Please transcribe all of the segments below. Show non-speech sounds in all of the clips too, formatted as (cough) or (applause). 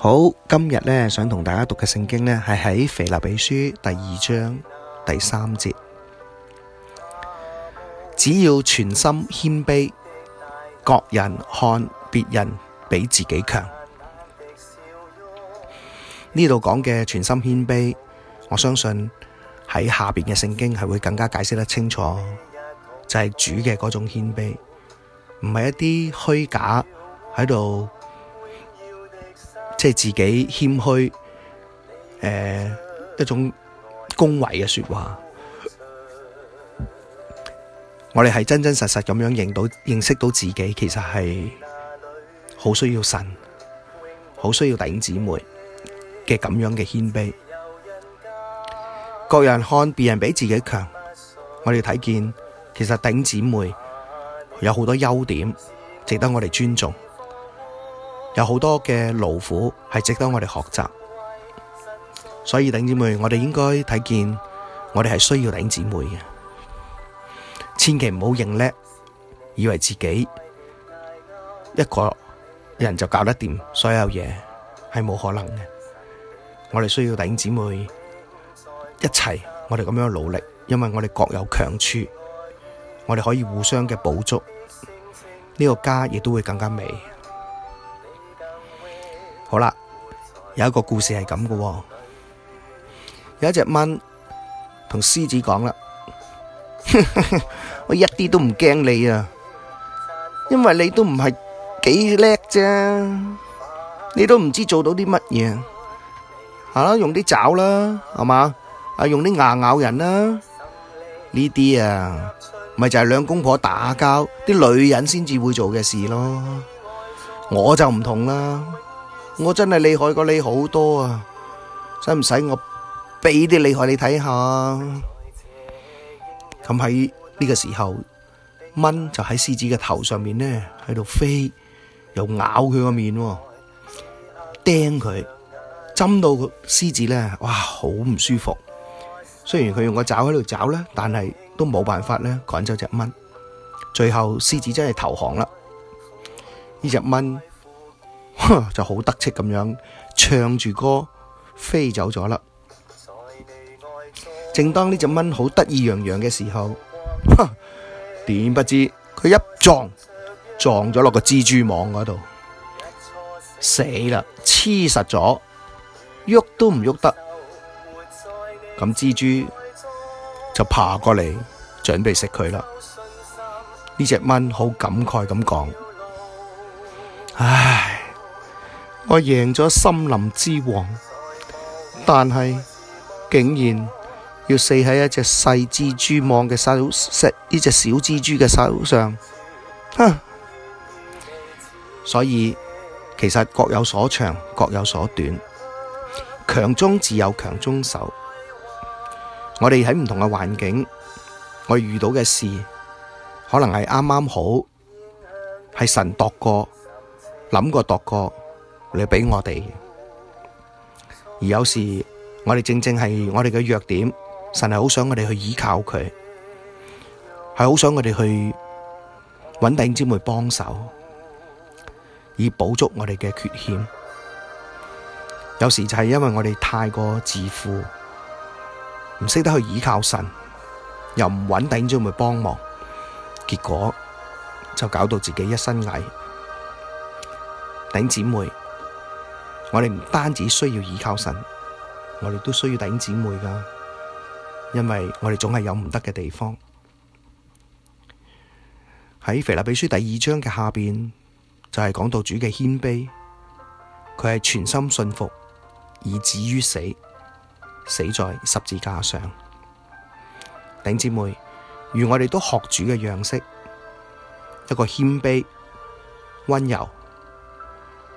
好，今日咧想同大家讀嘅聖經咧，係喺《腓立比書》第二章第三節。只要全心謙卑，各人看別人比自己強。呢度講嘅全心謙卑，我相信喺下邊嘅聖經係會更加解釋得清楚，就係、是、主嘅嗰種謙卑，唔係一啲虛假喺度。即係自己謙虛，誒、呃、一種恭維嘅說話。我哋係真真實實咁樣認到認識到自己，其實係好需要神，好需要頂姊妹嘅咁樣嘅謙卑。各人看別人比自己強，我哋睇見其實頂姊妹有好多優點，值得我哋尊重。有好多嘅勞苦係值得我哋學習，所以弟兄姊妹，我哋應該睇見，我哋係需要弟兄姊妹嘅，千祈唔好認叻，以為自己一個人就搞得掂所有嘢，係冇可能嘅。我哋需要弟兄姊妹一齊，我哋咁樣努力，因為我哋各有強處，我哋可以互相嘅補足，呢個家亦都會更加美。好啦，有一個故事係咁嘅，有一隻蚊同獅子講啦， (laughs) 我一啲都唔驚你啊，因為你都唔係幾叻啫，你都唔知做到啲乜嘢，係咯，用啲爪啦，係嘛，啊，用啲、啊、牙咬人啦，呢啲啊，咪就係兩公婆打交，啲女人先至會做嘅事咯，我就唔同啦。我真係厲害過你好多啊！使唔使我俾啲厲害你睇下？咁喺呢個時候，蚊就喺獅子嘅頭上面咧，喺度飛，又咬佢個面，釘佢，針到獅子咧，哇，好唔舒服。雖然佢用個爪喺度爪咧，但係都冇辦法咧趕走隻蚊。最後獅子真係投降啦，呢隻蚊，就好得戚咁樣唱住歌飛走咗啦。正當呢隻蚊好得意洋洋嘅時候，點不知佢一撞撞咗落個蜘蛛網嗰度，死啦！黐實咗，喐都唔喐得。咁蜘蛛就爬過嚟準備食佢啦。呢隻蚊好感慨咁講：唉。我贏咗森林之王，但係竟然要死喺一隻細蜘蛛網嘅手，呢隻小蜘蛛嘅手上，哼、啊！所以其實各有所長，各有所短，強中自有強中手。我哋喺唔同嘅環境，我遇到嘅事，可能係啱啱好，係神度過，諗過度過，你畀我哋，而有時我哋正正係我哋嘅弱點，神係好想我哋去依靠佢，係好想我哋去揾弟兄姊妹幫手，以補足我哋嘅缺陷。有時就係因為我哋太過自負，唔識得去依靠神，又唔揾弟兄姊妹幫忙，結果就搞到自己一身蟻。弟兄姊妹。我哋唔單止需要倚靠神，我哋都需要頂姊妹噶，因為我哋總係有唔得嘅地方。喺《腓立比書》第二章嘅下邊，就係、是、講到主嘅謙卑，佢係全心信服，以至於死，死在十字架上。頂姊妹，如我哋都學主嘅樣式，一個謙卑、温柔。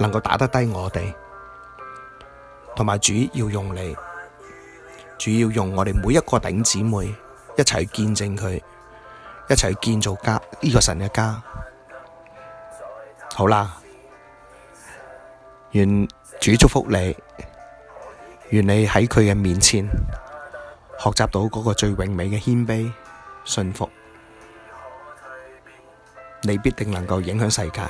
能夠打得低我哋，同埋主要用你，主要用我哋每一個頂姊妹一齊見證佢，一齊建造家呢、這個神嘅家。好啦，願主祝福你，願你喺佢嘅面前學習到嗰個最榮美嘅謙卑順服，你必定能夠影響世界。